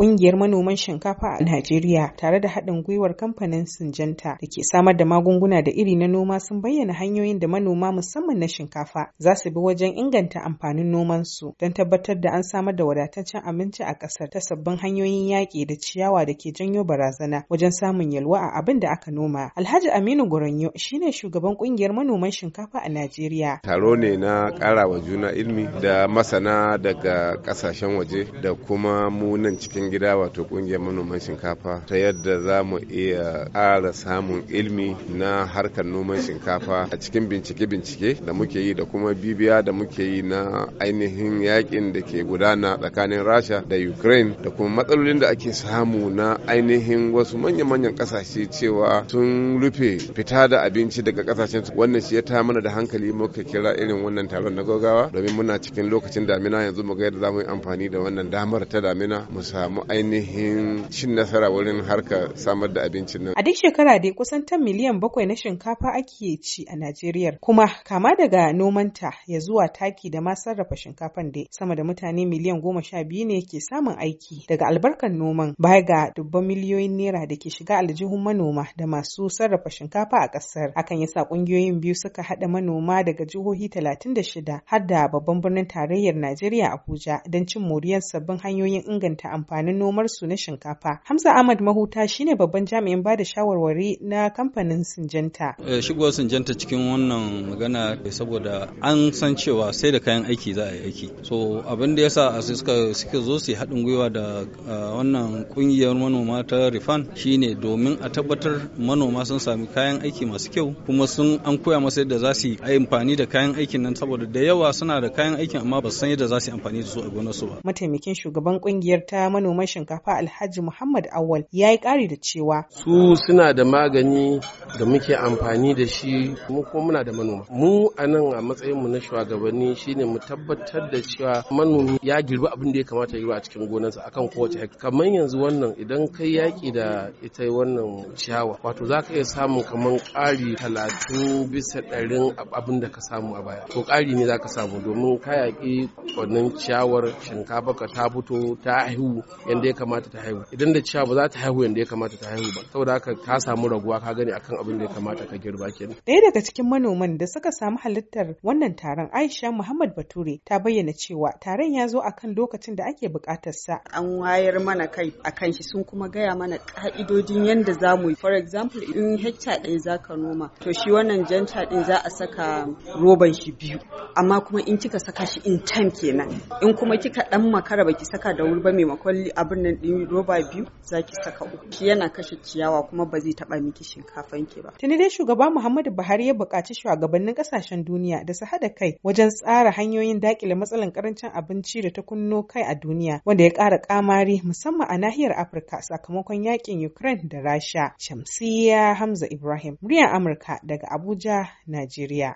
Ƙungiyar manoman shinkafa a Najeriya tare da haɗin gwiwar kamfanin Sinjanta da ke samar da magunguna da iri na noma sun bayyana hanyoyin da manoma musamman na shinkafa za su bi wajen inganta amfanin nomansu don tabbatar da an samar da wadataccen abinci a ƙasar ta sabbin hanyoyin yaƙi da ciyawa da ke janyo barazana wajen samun yalwa a abin da aka noma. Alhaji Aminu Goranyo shine shugaban ƙungiyar manoman shinkafa a Najeriya. Taro ne na ƙara wa juna ilmi da masana daga ƙasashen waje da kuma mu nan cikin gida wato kungiyar manoman shinkafa ta yadda za mu iya ƙara samun ilmi na harkar noman shinkafa a cikin bincike-bincike da muke yi da kuma bibiya da muke yi na ainihin yakin da ke gudana tsakanin rasha da ukraine da kuma matsalolin da ake samu na ainihin wasu manya-manyan ƙasashe cewa sun rufe fita da abinci daga ƙasashen wannan shi ya ta mana da hankali muka kira irin wannan taron na gaggawa domin muna cikin lokacin damina yanzu mu ga yadda za mu yi amfani da wannan damar ta damina mu samu samu ainihin cin nasara wurin harka samar da abincin nan. A duk shekara dai kusan tan miliyan bakwai na shinkafa ake ci a Najeriya kuma kama daga nomanta ya zuwa taki da ma sarrafa shinkafan dai sama da mutane miliyan goma sha biyu ne ke samun aiki daga albarkar noman baya ga dubban miliyoyin naira da ke shiga aljihun manoma da masu sarrafa shinkafa a ƙasar hakan sa ƙungiyoyin biyu suka haɗa manoma daga jihohi talatin da shida har da babban birnin tarayyar Najeriya Abuja don cin moriyar sabbin hanyoyin inganta amfani amfanin su na shinkafa. Hamza Ahmad Mahuta shine babban jami'in bada shawarwari na kamfanin Sinjanta. Eh, shigowar Sinjanta cikin wannan magana eh, saboda an san cewa sai da kayan aiki za a yi aiki. So abin da yasa a suka suka zo su haɗin gwiwa da eh, wannan kungiyar manoma ta Rifan shine domin a tabbatar manoma sun sami kayan aiki masu kyau kuma sun an koya masa yadda za su yi amfani da kayan aikin nan saboda da yawa suna da kayan aikin amma ba su san yadda za su amfani da su a su ba. Mataimakin shugaban kungiyar ta manoma manoman shinkafa Alhaji Muhammad Awal ya yi ƙari da cewa su suna da magani da muke amfani da shi mu kuma muna da manoma mu a nan a matsayin mu na shugabanni shine mu tabbatar da cewa manomi ya girbi abin da ya kamata ya a cikin gonarsa akan kowace hekta kamar yanzu wannan idan kai yaki da ita wannan ciyawa wato za ka iya samun kamar ƙari talatin bisa ɗarin abin da ka samu a baya to ƙari ne za ka samu domin ka yaƙi wannan ciyawar shinkafa ka ta fito ta haihu yadda ya kamata ta haihu idan da cewa ba za ta haihu yanda ya kamata ta haihu ba saboda haka ka samu raguwa ka gani akan abin da ya kamata ka girba kenan daya daga cikin manoman da suka samu halittar wannan taron Aisha Muhammad Bature ta bayyana cewa taron ya zo akan lokacin da ake buƙatar sa an wayar mana kai akan shi sun kuma gaya mana ka'idodin yadda za mu yi for example in hekta ɗaya za ka noma to shi wannan janta ɗin za a saka roban shi biyu amma kuma in kika saka shi in time kenan in kuma kika ɗan makara ba ki saka da wuri ba maimakon abin nan din roba biyu zaki saka uku yana kashe ciyawa kuma ba zai taba miki shinkafan ki ba tuni dai shugaba Muhammadu Buhari ya buƙaci shugabannin kasashen duniya da su hada kai wajen tsara hanyoyin dakile matsalan karancin abinci da ta kunno kai a duniya wanda ya ƙara ƙamari musamman a nahiyar Afirka sakamakon yakin Ukraine da Rasha Shamsiya Hamza Ibrahim muryar Amurka daga Abuja Najeriya